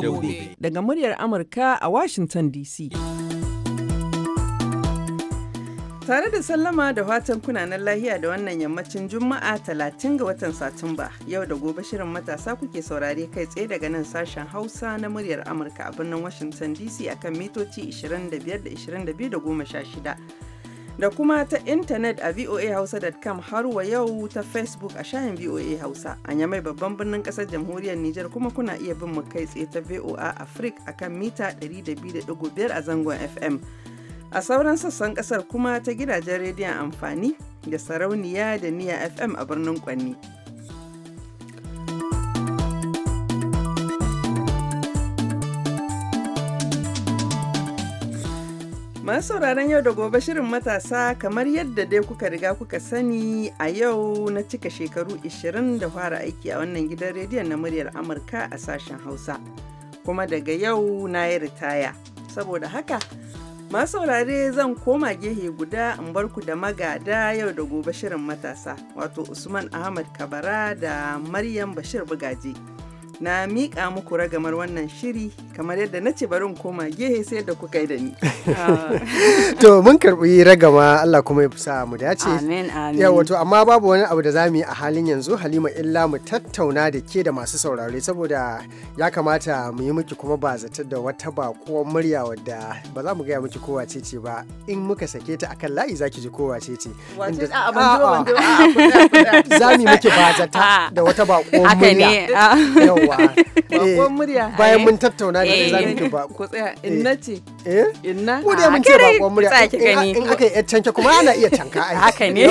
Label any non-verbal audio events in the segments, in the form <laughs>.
da gobe. Daga muryar Amurka a Washington DC. Tare da sallama da fatan kunanan lahiya da wannan yammacin Juma'a 30 ga watan Satumba. Yau da gobe shirin matasa kuke saurare kai tsaye daga nan sashen Hausa na muryar Amurka a birnin Washington DC akan mitoci 25 da 22 da 16. da kuma ta intanet a voahausa.com har wa yau ta facebook a shayin voa hausa a yamai babban birnin kasar jamhuriyar Niger kuma kuna iya bin mu kai tsaye ta voa a kan mita 102.5 a zangon fm a sauran sassan kasar kuma ta gidajen rediyon amfani da sarauniya da niya fm a birnin kwanni Masu sauraron yau da gobe shirin matasa kamar yadda dai kuka riga kuka sani a yau na cika shekaru 20 da fara aiki a wannan gidan rediyon na muryar Amurka a sashen Hausa. Kuma daga yau na yi ritaya. Saboda haka, masu saurare zan koma gehe guda in bar ku da magada yau da gobe shirin matasa, wato Usman Ahmad Kabara da Maryam Bashir Bugaji. na miƙa muku ragamar wannan shiri kamar yadda na ce barin koma gehe sai da kuka yi da ni. <laughs> to mun karɓi ragama Allah kuma ya fusa mu dace. Amin amin. Yawa to amma babu wani abu da za mu yi a halin yanzu Halima illa mu tattauna da ke da masu saurare saboda ya kamata mu yi miki kuma ba zata da wata ko murya wadda ba za mu gaya miki kowa ce ce ba in muka sake ta akan layi za ki ji kowa ce ce. Wace a banjo banjo a Za mu yi miki ba zata da wata ko murya. yawa eh, bayan eh. mun tattauna da za mu ki eh. ba ku inna ce inna da ah, mun ce murya in aka yi canke kuma ana iya canka ai haka ne <laughs>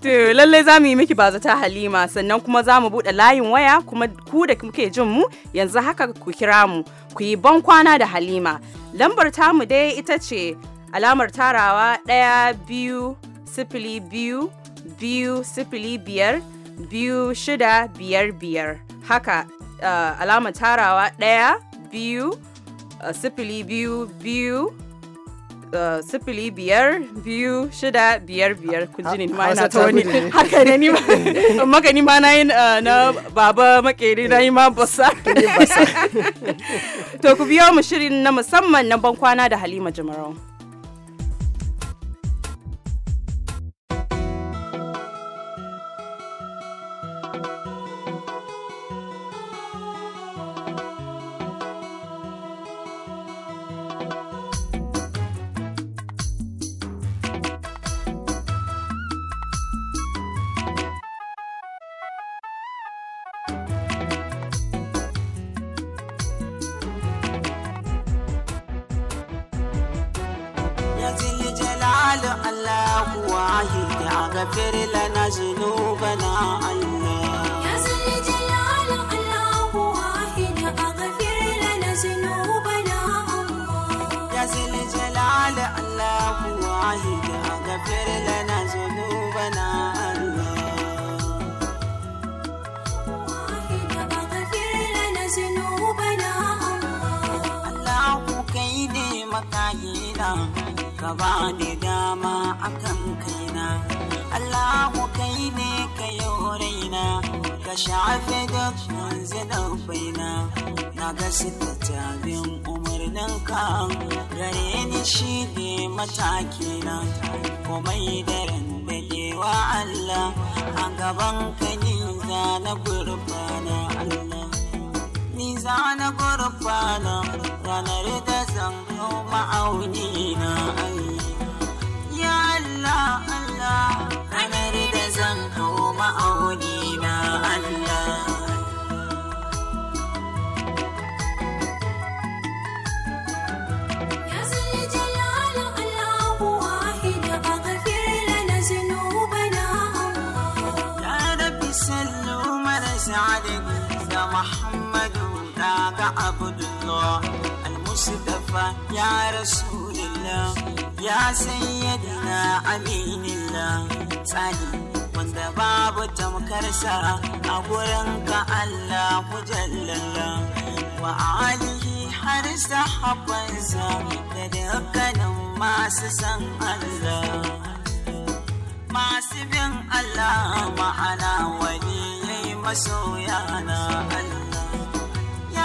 to za mu yi miki bazata Halima sannan kuma za mu bude layin waya kuma ku da kuke jin mu yanzu haka ku kira mu ku yi ban kwana da Halima lambar tamu dai ita ce alamar tarawa ɗaya biyu sifili biyu biyu sifili biyar biyu shida biyar biyar haka uh, alama tarawa ɗaya biyu uh, sifili biyu biyu uh, sifili biyar biyu shida biyar biyar kun ji ni ma ina ta wani haka ne ni maka ni ma na yi uh, na baba makeri na yi ma basa <laughs> to ku biyo mu shirin na musamman na bankwana da halima jimarau makayina ka ba ni dama akan kaina Allahu kai ne ka yi raina ka shafe da zina baina na ga umarnin ka gare ni shi ne matakina komai da randadewa Allah a gaban ka ni na gurbana Allah ni na gurbana ranar da zan gano ma'auni na ya Allah Allah ranar da zan hau ma'auni na Allah سعد محمد راك عبد الله Mustafa ya Rasulillah ya sayyadina aminillah tsani wanda babu tamkarsa a gurinka Allah mujallala wa alihi har sahabansa da dukkanin san Allah masu bin Allah ma'ana wani yayi masoya na ya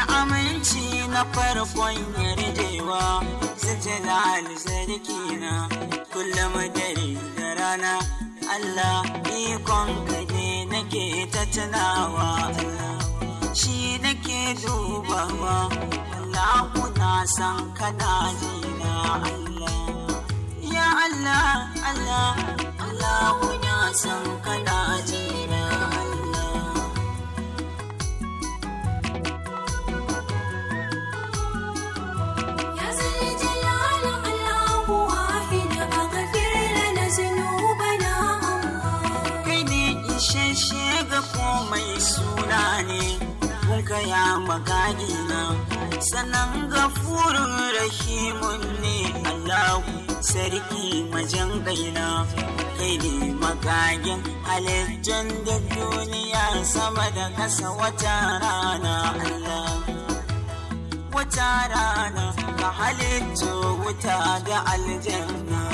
aminci na farkon yarjewa sace da alisarki na kullum dare da rana Allah ikon kaje nake ta tunawa shi nake dubawa Allah kuna san kana jina Allah ya Allah Allah Allah kuna san kana jina da komai suna ne kun kaya magadi na sannan gafurin rahimun ne allahu sarki majan gaina kai ne magagin halittar da duniya sama da kasa wata rana allah wata rana ka halitta wuta da aljanna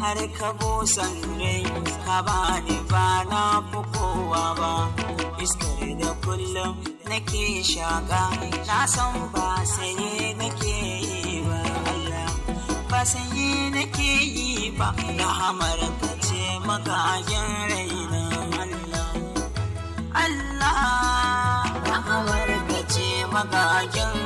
har ka busan rai ka ba ni ba na fi ba iskar da kullum nake shaka na san ba saye nake yi ba Allah ba sai nake yi ba rahamar ka ce magayen raina Allah Allah rahamar ka ce magayen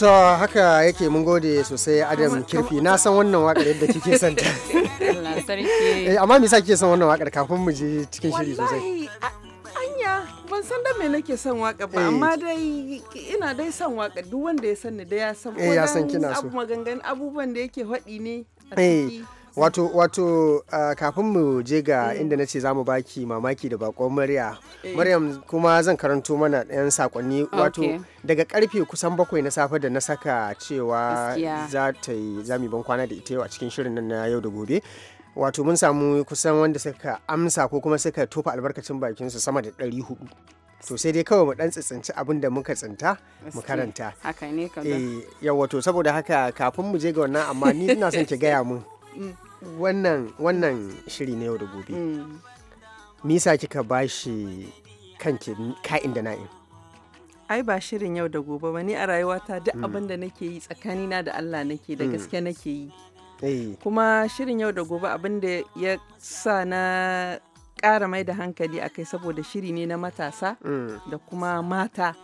to haka yake mun gode sosai adam kirfi na san wannan wakar yadda kike son ta eh, amma me yasa kike son wannan wakar kafin mu je cikin shiri sosai ban san da me nake son waka ba amma eh. dai ina dai son waka duk wanda ya sani da ya san wannan eh, abu magangan abubuwan da yake faɗi ne a ciki wato wato ah, kafin mu je ga mm. inda na ce za mu baki mamaki da bakon murya eh. maryam kuma zan karanto mana ɗayan sakonni wato daga karfe kusan bakwai na safe da na saka cewa za ta yi za mu ban kwana da ita yau a cikin shirin nan na yau da gobe wato mun samu kusan wanda suka amsa ko kuma suka tofa albarkacin su sama da ɗari hudu to sai dai kawai mu dan tsitsinci abin da muka tsinta mu karanta haka ne kaza eh yawa to saboda haka kafin mu je ga wannan amma ni ina son ki gaya mun wannan wannan shiri na yau da gobe Misa kika bashi kanki ka'in da na'in ai ba shirin yau da gobe ba ni a rayuwata duk mm. abin da nake yi tsakanina da Allah nake da mm. gaske nake yi eh. kuma shirin yau da gobe abin da ya sa na ƙara mai da hankali a kai saboda shiri ne na matasa mm. da kuma mata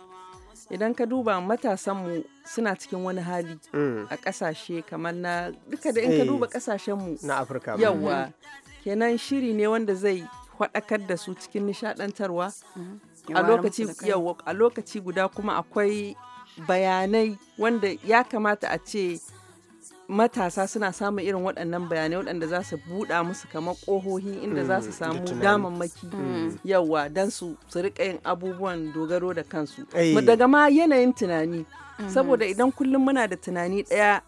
idan ka duba matasanmu suna cikin wani hali mm. a kasashe kamar na duka da in ka eh. duba kasashen mu na afirka yawa mm. kenan shiri ne wanda zai faɗakar da su cikin nishadantarwa mm. a a lokaci guda kuma akwai bayanai wanda ya kamata a ce matasa suna samun irin waɗannan bayanai waɗanda za su buɗa musu kamar ƙohohi inda za su mm, samu damammaki mm. yawa don su su riƙa yin abubuwan dogaro da kansu daga ma yanayin tunani mm. saboda idan kullum muna da tunani ɗaya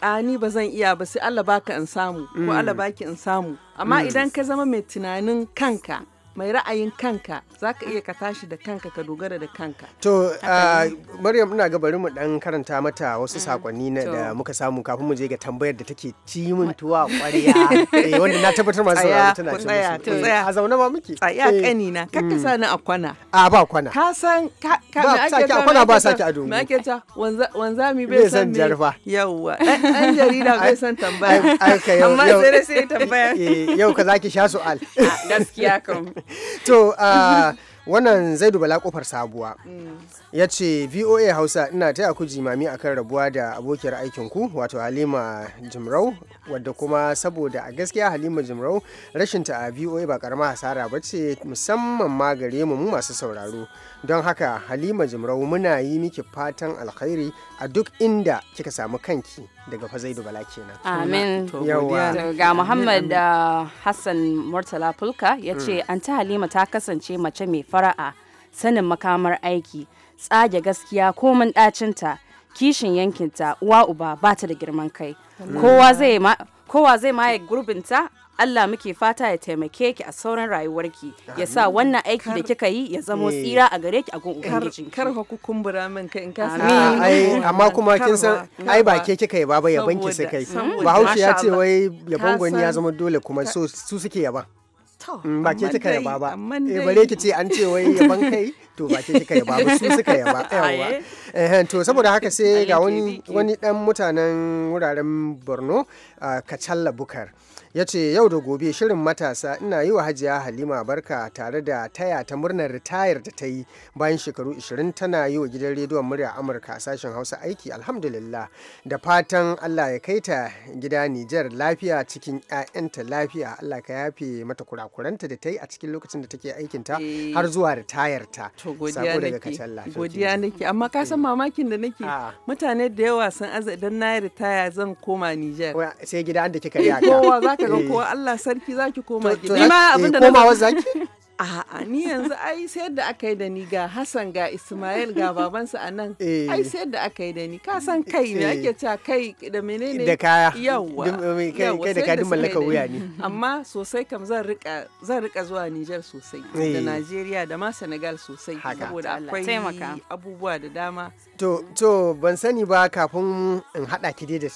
ani ni ba zan iya ba sai Allah baka in samu ko Allah baki in samu amma idan ka zama mai tunanin kanka mai ra'ayin kanka za ka iya ka tashi da kanka ka dogara da kanka. To, ah, Maryam ina ga bari mu dan karanta mata wasu mm. sakonni na da muka samu kafin mu je ga tambayar da take ci min tuwa ƙwarya. <laughs> eh wanda na tabbatar masu sauraro tana ci musu. Tsaya, a zaune ma muke. Tsaya kani eh. na, ka mm. sa ni a kwana. A ba kwana. Ka san ka ba saki a kwana ba saki a dubu. Me ake ta wanzami bai san me. yauwa Yawwa. Ɗan jarida <laughs> bai san tambaya. Amma sai sai tambaya. Eh, yau ka zaki sha su'al. Gaskiya kam. <laughs> to wannan zaidu bala kofar sabuwa ya ce voa hausa ina taya ku jimami akan rabuwa da abokiyar aikinku wato halima jimrau wadda kuma saboda a gaskiya halima jimrau rashin ta a voa ba karama hasara ba ce musamman ma gare mu masu sauraro don haka halima jimrau muna yi miki fatan alkhairi a duk inda kika samu kanki daga fazaidu bala kenan amin ga muhammad uh, hassan murtala fulka ya ce mm. an ta halima ta kasance mace mai fara'a sanin makamar aiki tsage gaskiya komin dacinta kishin yankinta uwa uba ba ta da girman kai kowa zai ma gurbin ta maye gurbinta Allah muke fata ya taimake ki a sauran rayuwarki ya sa wannan aiki da kika yi ya zamo eh. tsira a gare ki a gun ubangiji kar ku kumbura min kai in ka ai amma kuma kin san ai ba ke kika yi ba yaban ki kai bahaushe ya ce wai yaban gwani ya zama dole kuma su suke yaban Mm, ba ke kika yaba ba eh, bare ki ce an ce wai yaban kai to ba ke yaba ba su suka yaba <laughs> yawa eh to saboda haka sai ga wani wani dan mutanen wuraren Borno ah, Kachalla Bukar ya ce yau da gobe shirin matasa ina yi wa hajiya halima barka tare da taya ta murnar ritayar da ta yi bayan shekaru 20 tana yi wa gidan rediyon murya amurka sashen hausa aiki alhamdulillah da fatan allah ya kai ta gida nijar lafiya cikin 'ya'yanta lafiya allah ka yafe mata kurakuranta da ta yi a cikin lokacin da take aikin ta eh. har zuwa ritayar ta sako daga godiya nake amma ka san eh. mamakin da nake ah. mutane da yawa sun aza na ritaya zan koma nijar sai gida da kika yi kowa ga eh. ko Allah sarki za ki koma gida. Ni ma abin da eh, na komawa zaki? <laughs> A'a ni yanzu ai sai da aka yi da ni ga Hassan ga Ismail ga babansa a nan. Eh. Ai sai da aka yi da ni ka san kai ne ake ta kai da menene da kaya. Yawa. Kai da kadin mallaka wuya ne. <laughs> Amma sosai kam zan rika zan rika zuwa Niger sosai da Nigeria da ma Senegal sosai saboda akwai abubuwa da dama. To to ban sani ba kafin in hada ki da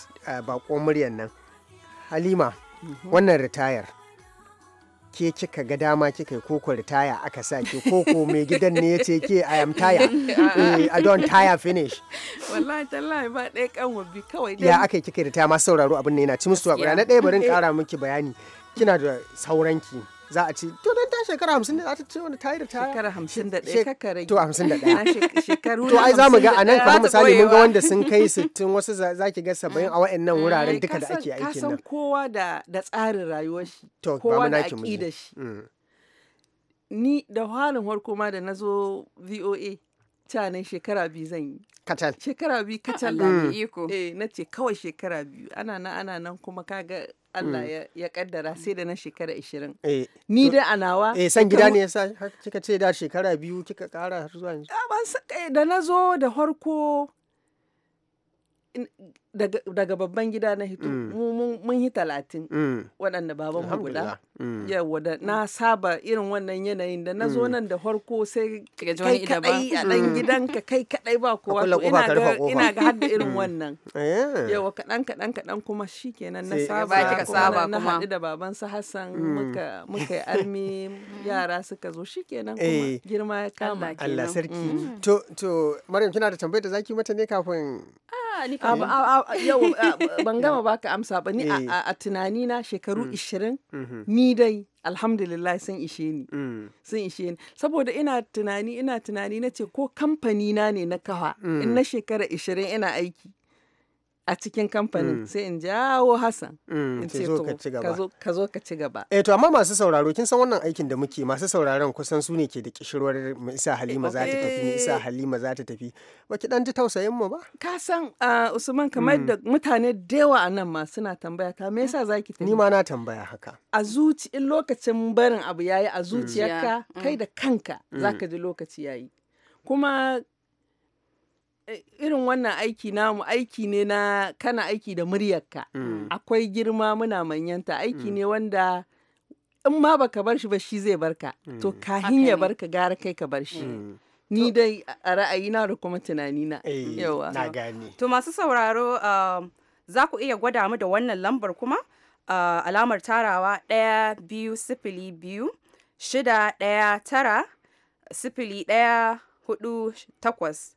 bakon muryar nan. Halima. Mhm. wannan ritayar ke kika ga dama kika yi koko ritaya aka sa ke koko mai gidan ne ya ce ke i am tire <laughs> eh, i don tire finish wallahi tallahi ba ɗaya kan wabi kawai ya aka yi kika ritaya masu sauraro abin ne yana ci musu na ɗaya barin kara eh. miki bayani kina da sauranki za a ci to dan ta shekara hamsin da za ta ce wani tayi da taya shekara hamsin da ɗaya to hamsin da ah, shekaru to ai za mu ga a nan kamar misali mun ga wanda sun kai 60 wasu za ki ga 70 a wayannan eh, wuraren duka da ake aikin nan kasan kowa da da tsarin rayuwar shi kowa da aƙidar shi mm. ni da halin harko ma da nazo zo voa nan shekara biyu zan yi kacal shekara biyu kacal mm. da iko eh. eh na ce kawai shekara biyu ana nan ana nan kuma kaga Allah mm. ya kaddara sai da na shekara 20. Eh, Ni da a nawa. Eh san gida ne yasa kika ce da shekara biyu kika kara har zuwa yanzu. Ah, eh, da na zo da farko. daga babban gida na hito mm. mun yi talatin mm. waɗanda baban mu guda mm. yawa da na saba irin wannan yanayin da na zo nan da farko sai kai kaɗai a ɗan ka kai kaɗai ba kowa ko ina ga hadda irin wannan eh. yawa kaɗan kaɗan kaɗan kuma shikenan na saba kuma na haɗu da baban su Hassan muka muka yi armi <laughs> yara suka zo shikenan kuma eh. girma ya kama Allah sarki to to Maryam kina da tambayar da zaki mata ne kafin ah, a yau <laughs> ban gama baka amsa ba ni a eh. tunani shekaru 20 mm. mm-hmm. ni dai alhamdulillah sun ishe ni mm. sun ishe ni saboda ina tunani ina tunani na ce ko kamfani na ne na kawa in mm. na shekara 20 ina aiki a cikin kamfanin mm. sai in jawo Hassan mm, in ce to ka zo ka ci gaba eh to amma masu sauraro kin san wannan aikin da muke masu sauraron kusan su ne ke da kishirwar isa Halima za ta tafi isa eh. Halima za ta tafi baki dan ji tausayin mu ba ka san ah, Usman kamar mm. da mutane da yawa a nan ma suna tambaya ta me yasa zaki tafi ni ma na tambaya haka a zuci in lokacin barin abu yayi a zuciyarka kai da kanka zaka ji lokaci yayi kuma irin wannan aiki na mu aiki ne na kana aiki da muryarka mm. akwai girma muna manyanta aiki mm. ne wanda in ma baka bar shi ba shi zai barka mm. to kahin ya barka gara kai ka bar shi mm. ni dai a ra'ayina da kuma tunanina eh, yawa na gane to masu sauraro um, za ku iya gwada mu da wannan lambar kuma uh, alamar tarawa ɗaya biyu sifili biyu shida ɗaya tara sifili ɗaya hudu takwas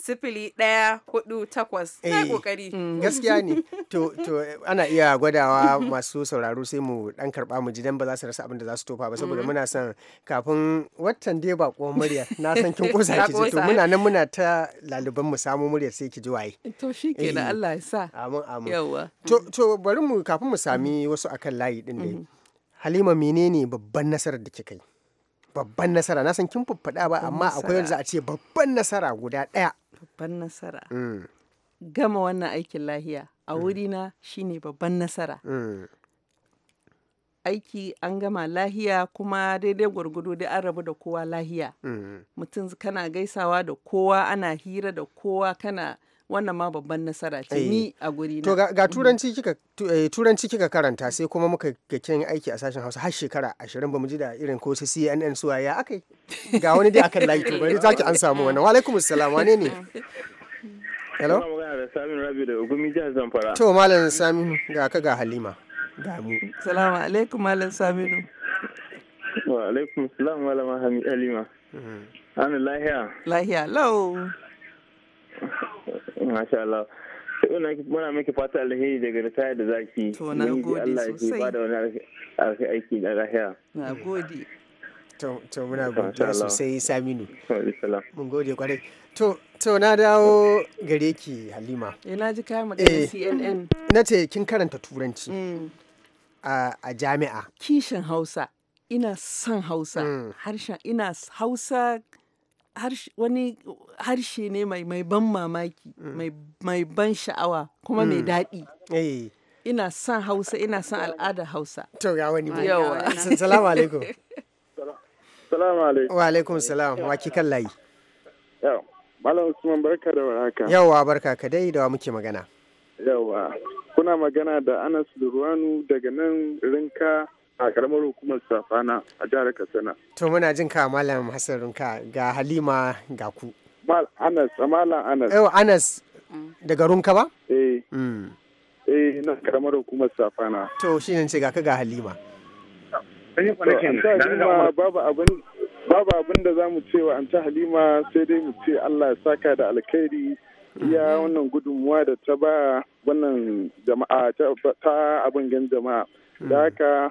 sifili ɗaya hudu takwas na kokari eh, mm, gaskiya ne to ana iya gwadawa masu sauraro sai mu dan karba mu ji dan ba za su rasa abin da za su tofa ba saboda mm. muna son kafin watan dai ba ko murya na san kin kosa <laughs> ki ji to muna nan muna ta laliban mu samu muryar sai ki ji waye to shikenan eh, Allah ya sa amin amin yawa to to bari mu kafin mu sami wasu akan layi din dai mm-hmm. Halima menene babban nasarar da kika yi babban nasara na san kin fuffada ba amma akwai wanda za a ce babban nasara guda ɗaya babban nasara mm. gama wannan aikin lahiya a mm. wurina shi ne babban nasara mm. aiki an gama lahiya kuma daidai gwargwado dai an rabu da kowa lahiya mutum kana gaisawa da kowa ana hira da kowa kana wannan ma babban nasara ce eh. ni a guri na to ga mm. turanci kika eh, turanci kika karanta sai kuma muka ga kin aiki a sashen Hausa har shekara 20 bamu ji da irin ko su CNN suwa ya akai ga wani dai akan layi to bari zaki an samu wannan wa alaikumus salam wane ne hello to malam Saminu ga ka ga Halima ga mu assalamu alaikum malam Saminu wa alaikum assalam malam Halima mm-hmm. ana lahiya lahiya lau Masha Allah. muna miki fata alheri daga ritaya da zaki. To na gode sosai. Allah ya bada wani aiki na lahiya. Na gode. To muna gode sosai Saminu. Mun gode kwarai. To to na dawo gare ki Halima. Eh na ji kai magana eh, CNN. Na ce kin karanta turanci. Mm. A jami'a. Kishin Hausa. Ina son Hausa. Mm. Harshen ina Hausa wani harshe ne mai ban mamaki mm. mai ban sha'awa kuma mai mm. daɗi eh. ina son hausa ina son al'adar hausa to ga wani ba yawa <laughs> salamu alaikum salamu alaikum wa alaikum salam wa kan layi Malam Usman barka da warhaka. Yawwa barka ka dai da muke magana. Yawwa kuna magana da Anas Durwanu daga nan Rinka a karamar hukumar safana a jihar katsina to muna jin ka malam hassan runka ga halima ga ku anas malam anas yau anas daga runka ba eh hmm. eh na karamar hukumar safana to shi ne ce ga ka ga halima babu abin babu abin da za mu ce wa ta halima sai dai mu ce allah ya saka da alkhairi iya mm-hmm. wannan gudunmuwa da ta ba wannan jama'a ta abin gan jama'a da mm-hmm. haka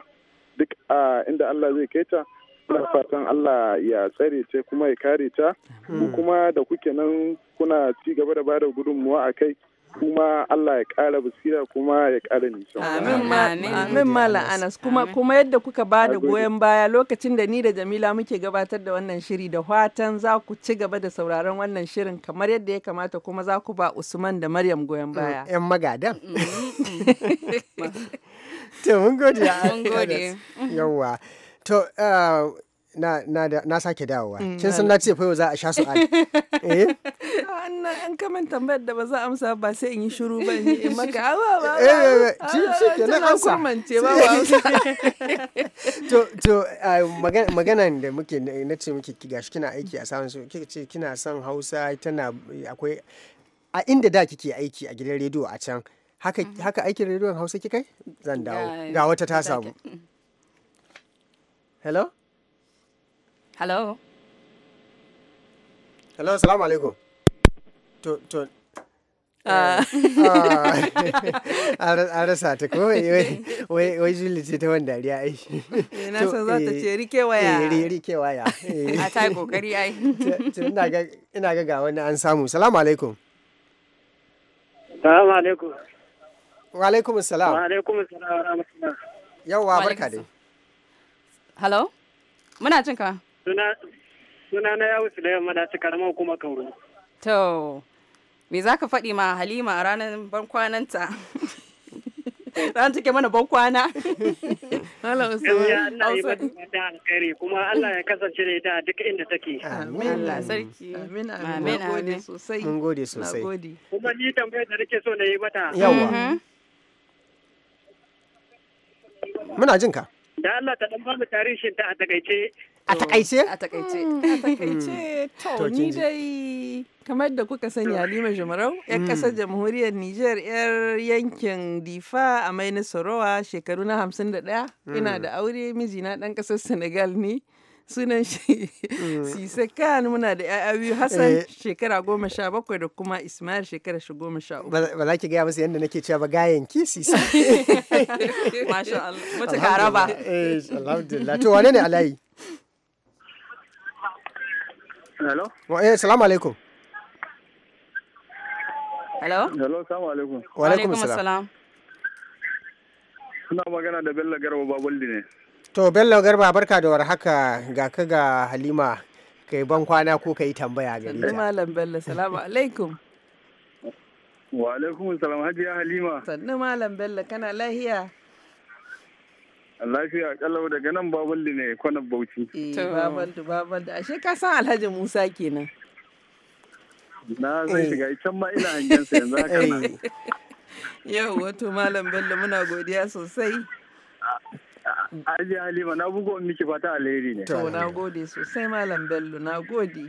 duk a inda Allah zai kai ta muna fatan Allah ya tsare ta kuma ya kare ta hmm. kuma da kuke nan kuna ci gaba da bada gudunmuwa a kai kuma Allah ya ƙara basira kuma ya ƙara nisan. Amin Malam Anas kuma kuma yadda kuka ba da goyon baya lokacin da ni da Jamila muke gabatar da wannan shiri da fatan za ku ci gaba da sauraron wannan shirin kamar yadda ya kamata kuma za ku ba Usman da Maryam goyon baya. Mm, 'Yan magadan. Mm, mm, <laughs> <laughs> <laughs> to mun gode <laughs> mun gode Yawwa to uh, na na na sake dawowa mm, kin san na ce fa za a sha su ai <laughs> eh annan ah, an kaman tambayar da ba za a amsa ba sai in yi shiru ba ni in maka awa ba eh, eh, eh shi shi ke na amsa kurmance ba ba to to magana da muke na ce muke gashi kina aiki a samun su kika ce kina son Hausa tana akwai a inda da kike aiki a gidan rediyo a can haka mhm. haka aikin rediyon hausa ki kai zan dawo ga wata ta samu hello hello hello assalamu alaikum to to uh. um, a <laughs> ah, <laughs> rasa ta ko wai juli ce ta wanda dariya ai eh, na san za ta eh, ce rike waya eh, rike waya a <laughs> ah, ta yi kokari ai ina ga ga wani an samu salamu alaikum salamu alaikum Wa alaikum salam. Wa alaikum salam Yawwa barka dai. Hello? Muna jin ka. Suna suna na yawo su da yamma da cikar ramar kuma kauru. To, me za ka faɗi ma Halima a ranar bankwananta? <laughs> Ran take mana bankwana. Hala Usman. Allah ya bada mata alkhairi kuma Allah ya kasance da ita duk inda take. Amin. Allah sarki. Amin amin. Mun gode sosai. Mun gode sosai. Kuma ni tambayar da nake so na yi mata. Yawa. Mm-hmm. Muna jin ka. Da Allah ta dan bamu tarihin ta a takaice. A takaice? A takaice. Mm, a takaice. Mm. To ni dai kamar da kuka sani Halima Jumarau, 'yar mm. ƙasar jamhuriyar Nijar, 'yar yankin Difa a Maini sarowa shekaru na 51, ina da aure mijina ɗan ƙasar Senegal ne. sunan shi mm. sise kan muna da yaya biyu hassan eh. shekara goma sha bakwai da kuma ismail shekara shi goma sha uku ba za ki gaya masa yadda nake cewa ba gayan ki sise <laughs> masha Allah wata gara ba eh, alhamdulillah to wane ne alayi hello wa eh salamu alaikum hello hello salamu alaikum wa alaikum assalam suna magana da bello garba babaldi ne To Bello Garba barka da warhaka ga ka ga Halima kai ban kwana ko kai tambaya ga ni. Malam Bello salamu <laughs> alaikum. Wa alaikum salam Hajiya Halima. Sannu Malam Bello kana lahiya? Lafiya kalau daga nan Babaldi ne kwanan Bauchi. Babal da babal da ashe ka san Alhaji Musa kenan. Na zai shiga eh. can ma ina hangen sa yanzu haka nan. <laughs> Eh. Yau wato Malam Bello muna godiya sosai. Aji Halima na bugo miki fata alheri ne. To na gode sosai Malam Bello na gode.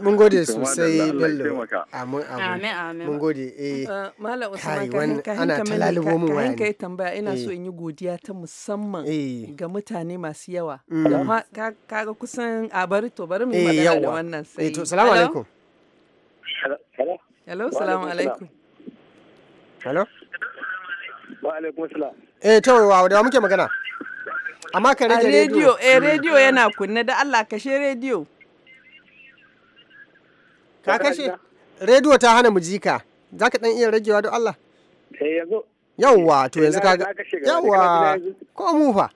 Mun gode sosai Bello. Amin amin. Mun gode eh. Uh, Malam Usman kan ka ana talalibo mun wani. Kai tambaya ina so eh. in yi godiya ta musamman eh. ga mutane masu yawa. Da mm. kaga kusan a bari to bari mu eh, magana da wannan sai. Eh to salamu alaikum. Hello. Hello salamu alaikum. Hello. Wa alaikum salam. eh tawayewa da muke magana amma ka rage rediyo eh rediyo yana kunne da Allah kashe rediyo ka kashe rediyo ta hana mu jika za ka dan iya ragewa don Allah eh yanzu yawwa to yanzu ka ga yawwa ko mu fa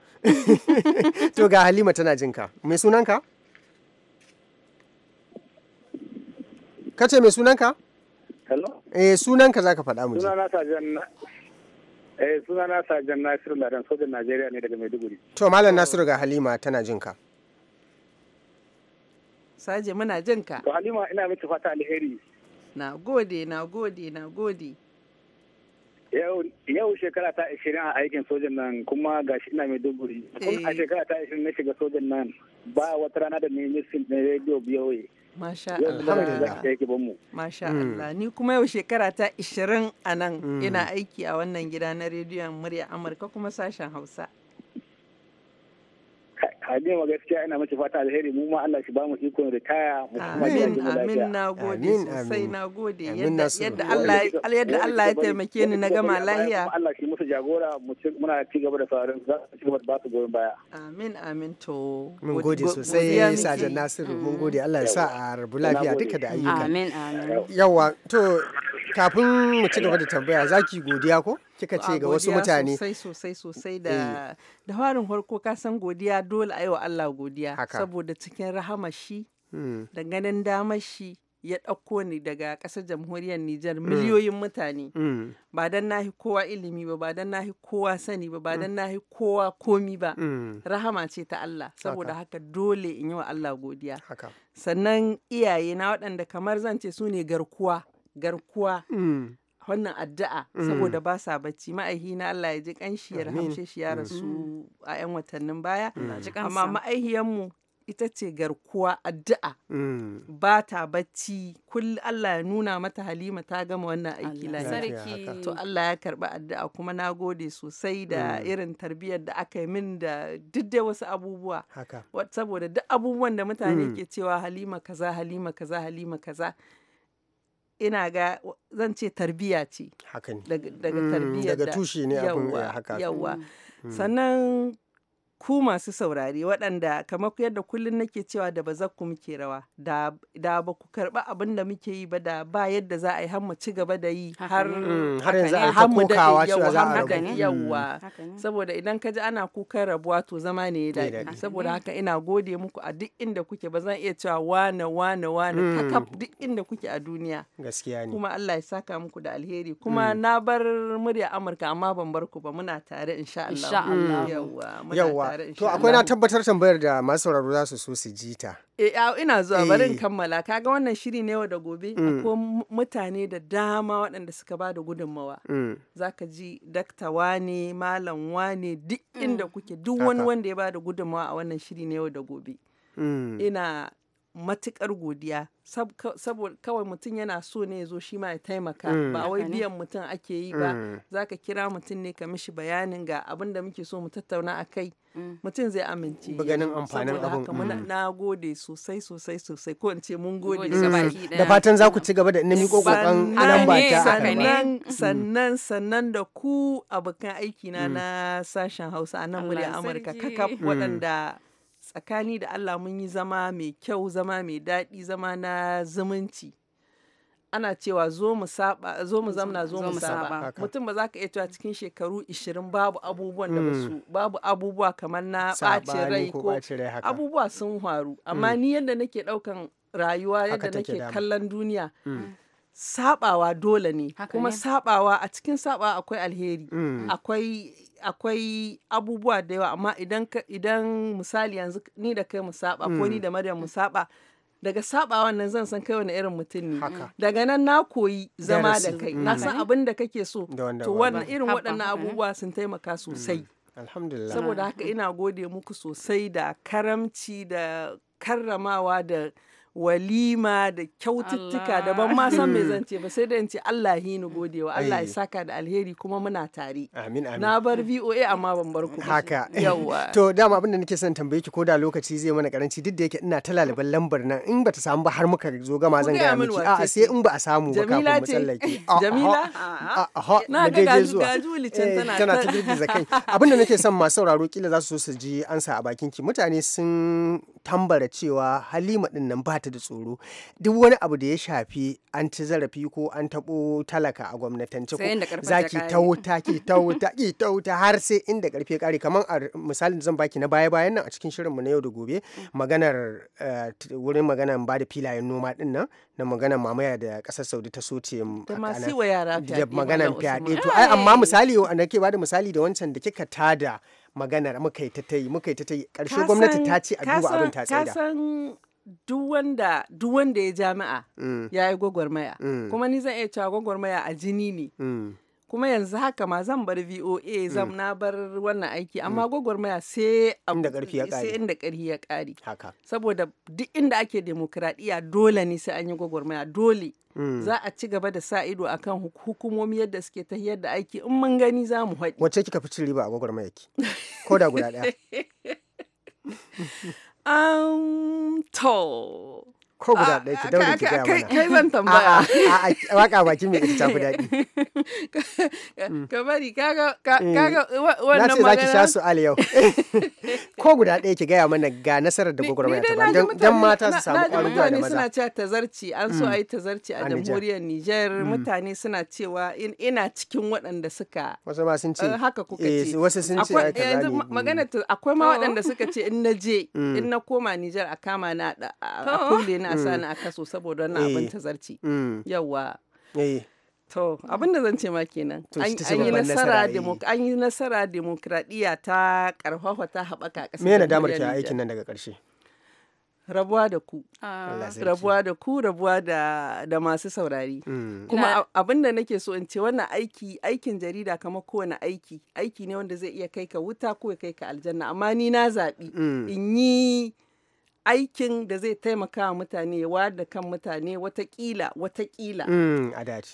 <laughs> to ga Halima tana jinka me sunanka kace me sunanka hello eh sunanka zaka faɗa mu sunana Sajan Eh suna na sajan Nasiru Ladan sojan Najeriya ne daga Maiduguri. To Malam Nasiru ga Halima tana jin ka. Saje muna jin ka. To Halima ina miki fata alheri. Na gode, na gode, na gode. yau shekara ta ishirin a aikin sojan nan kuma shi ina mai duburi a eh. shekara ta ishirin na shiga sojan nan ba wata rana da ne misin na rediyo biyoyi Masha Allah. Masha hmm. Allah. Ni kuma yau shekara ta ishirin a nan hmm. ina aiki a wannan gida na rediyon murya Amurka kuma sashen Hausa. Halima gaskiya ina mace fata alheri mu ma Allah shi ba mu ikon ritaya mu kuma amin amin nagode sosai gode yadda yadda Allah yadda Allah ya taimake ni na gama lahiya Allah shi musu jagora mu muna ci gaba da sauran za ci gaba da ba su goyon baya amin amin to mun gode sosai sajan Nasiru mun gode mm. Allah ya sa a rabu lafiya duka da ayyuka amin amin yawa to kafin mu ci gaba da tambaya zaki godiya ko kika ce ga wasu mutane sosai sosai sosai da eh. da farin farko ka san godiya dole a yi wa Allah godiya saboda cikin rahama shi hmm. da ganin damar shi ya ɗauko ni daga ƙasar jamhuriyar Nijar hmm. miliyoyin mutane hmm. ba dan nahi kowa ilimi ba ba dan nahi kowa sani ba ba dan nahi kowa komi ba rahama ce ta Allah saboda haka dole in yi wa Allah godiya sannan iyaye na waɗanda kamar zan ce su ne garkuwa garkuwa wannan addu'a mm. saboda ba sa bacci ma'aihi na Allah ya ji kanshi ya shi ya mm. rasu a 'yan watannin baya amma mu ita ce garkuwa addu'a mm. ba ta bacci kullum Allah ya nuna mata halima ta gama wannan aiki lafiya to Allah ya karbi addu'a kuma na gode sosai da irin tarbiyyar da aka yi min da duk da wasu abubuwa saboda duk abubuwan da mutane ke cewa halima kaza halima kaza halima kaza ina ga zan ce tarbiya ce daga tarbiya daga mm, tushe ne abin eh, haka yawa mm. mm. sannan ku masu saurari waɗanda kamar yadda kullum nake cewa da ba ku muke rawa da, ba ku karɓi abin da muke yi ba da ba yadda za a yi har ci gaba da yi har mm, har yawwa mm. saboda idan ka ji ana kukan rabuwa to zama ne ya daɗi saboda haka ina gode muku a duk inda kuke ba zan iya cewa wane wane wane mm. kakaf duk inda kuke a duniya gaskiya ne kuma Allah ya saka muku da alheri kuma na bar murya Amurka amma ban bar ku ba muna tare insha Allah yawa yawa tare to akwai na tabbatar tambayar da masu sauraro za su so su ji ta e, ina zuwa bari in eh. kammala kaga wannan shiri ne da gobe mm. ko mutane da dama waɗanda suka ba da gudunmawa mm. zaka ji dakta wane malam wane duk mm. inda kuke duk wani wanda ya ba da gudunmawa a wannan shiri ne da gobe ina matukar godiya saboda kawai mutum yana so ne ya zo shi ma ya taimaka mm. ba wai biyan mutum ake yi ba mm. za ka kira mutum ne ka mishi bayanin ga abin da muke so mu tattauna a kai mm. mutum zai amince ganin amfanin abin na gode sosai sosai sosai ko ce mun gode da fatan za ku ci gaba da nemi kokokan ba ta sannan sannan sannan da ku abokan aiki na na sashen Hausa a nan murya Amurka kakaf waɗanda tsakani da Allah mun yi zama mai kyau zama mai daɗi zama na zumunci ana cewa zo mu saba zo mu zamna zo mu saba mutum ba za ka iya cewa cikin shekaru 20 babu abubuwan da basu mm. babu abubuwa kamar na ɓacin rai ko abubuwa sun faru amma mm. ni yadda nake ɗaukan rayuwa yadda nake kallon duniya mm. sabawa dole ne kuma sabawa a cikin sabawa akwai alheri akwai akwai abubuwa da yawa amma idan idan misali yanzu ni da kai mu saba ko ni hmm. da Maryam mu saba daga sabawan nan zan san kai wani irin mutum ne daga nan na koyi zama da kai hmm. na san abin da kake so to wannan irin waɗannan eh? abubuwa sun taimaka sosai hmm. alhamdulillah saboda haka ina gode muku sosai da karamci da karramawa da walima da kyaututtuka daban ma san me hmm. zan ce ba sai da in ce Allah yi ni godewa Allah ya saka da alheri kuma muna tare amin amin na bar VOA amma ban bar ku haka yawa <laughs> to dama abin da nake son tambaye ki ko da lokaci zai mana karanci duk da yake ina ta laliban lambar nan in bata samu ba har muka zo gama zan ga miki a'a sai in ba a samu ba kafin mu tsallake <laughs> Jamila na ga gajuli can eh, tana tana ta girgiza <laughs> kai abin da nake son masu sauraro kila za su so su ji ansa a bakin ki mutane sun tambara cewa Halima din nan ba ta ta da tsoro duk wani abu da ya shafi an ci zarafi ko an taɓo talaka a gwamnatance ko ki ta wuta ki ta wuta ki ta wuta har sai inda karfe kare kamar a misalin zan baki na baya bayan nan a cikin shirin mu na yau da gobe maganar eh, wurin maganar ba da filayen noma din nan na maganar mamaya da kasar Saudi ta soce da masu wa yara da maganar fyaɗe to ai amma misali ba bada misali da wancan da kika tada maganar muka yi ta ta yi muka yi ta ta yi ƙarshe gwamnati ta ce a duba abin ta tsaida duk wanda ya jami'a mm. ya yi gwagwarmaya mm. kuma ni zan iya cewa gwagwarmaya a jini ne mm. kuma yanzu haka ma zan bar VOA zan na bar wannan aiki amma gwagwarmaya sai inda ƙarfi ya ƙare saboda duk inda ake demokradiya dole ne sai an yi gwagwarmaya dole za a ci gaba da sa ido akan hukumomi yadda suke ta yadda aiki in mun gani za mu haɗi wacce kika fi cin riba a gwagwarmaya ki ko da guda ɗaya <laughs> um, tall. ko guda ah, ɗaya ah, ki daure ki gaya mana kai zan tambaya a waka baki mai ita tafi daɗi <laughs> ka bari kaga kaga eh, wannan magana na ce za ki sha su al yau <laughs> ko guda ɗaya ki gaya mana ga nasarar da gwagwarmaya ya taɓa. don mata su samu ƙwarin gwiwa da maza suna cewa tazarci an so mm. a yi tazarci a jamhuriyar Nijar mm. mutane suna cewa ina cikin waɗanda suka wasu ma sun ce eh, haka kuka eh, ce wasu sun ce magana akwai ma waɗanda oh. suka ce in na je <laughs> mm. in na koma Nijar a kama na a kulle na ina mm. sa ni a kaso saboda wannan abin eh. zarci mm. yawa eh. To abin da zan ce ma kenan eh. an yi nasara an yi nasara demokradiya ta karfafa ta haɓaka ƙasar. Me yana damar ki aikin nan daga karshe. rabuwa da ku ah. rabuwa da ku rabuwa da, da masu saurari mm. kuma abin da nake so in ce wannan aiki aikin jarida kamar kowane aiki aiki ne wanda zai iya kai ka wuta ko ya kai ka aljanna amma ni na zaɓi in yi aikin da zai taimaka wa mutane wa da kan mutane watakila watakila mm,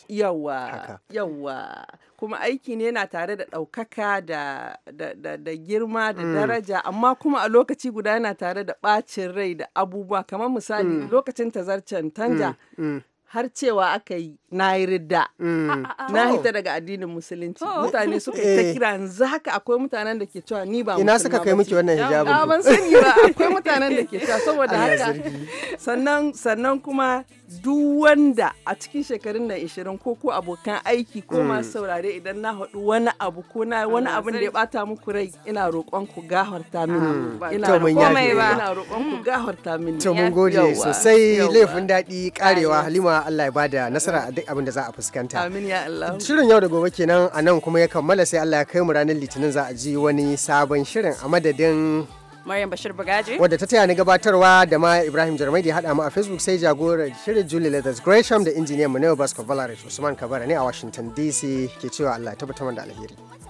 yawa kuma aiki ne yana tare da ɗaukaka da, da, da, da girma da mm. daraja amma kuma a lokaci guda yana tare da ɓacin rai da abubuwa kamar misali mm. lokacin tazarcen tanja mm. mm. har cewa aka yi na yi ridda mm. ah, ah, ah. na hita daga addinin musulunci mutane suka yi ta eh. kira yanzu haka akwai mutanen da ke cewa ni ba ina suka kai miki wannan hijabin ban sani ba akwai mutanen da ke cewa saboda haka sannan sannan kuma duk wanda a cikin shekarun nan ishirin ko ko abokan aiki ko hmm. masu saurare idan na haɗu wani abu ko na wani ah, abin da ya bata muku rai ina roƙon ku gafarta hmm. mini ina roƙon ku hmm. gafarta mini to mun gode sosai laifin daɗi karewa Halima Allah ya bada nasara a duk abin da za a fuskanta amin ya Allah shirin yau da gobe kenan a nan kuma ya kammala sai Allah ya kai mu ranar litinin za a ji wani sabon shirin a madadin Maryam Bashir Bugaji. Wadda ta taya ni gabatarwa da ma Ibrahim Jarmai da haɗa mu a Facebook sai jagorar shirin Julie Leathers Gresham da injiniyan mu Neo Vasco Valerius Usman Kabara ne a Washington DC ke cewa Allah ya tabbatar da alheri.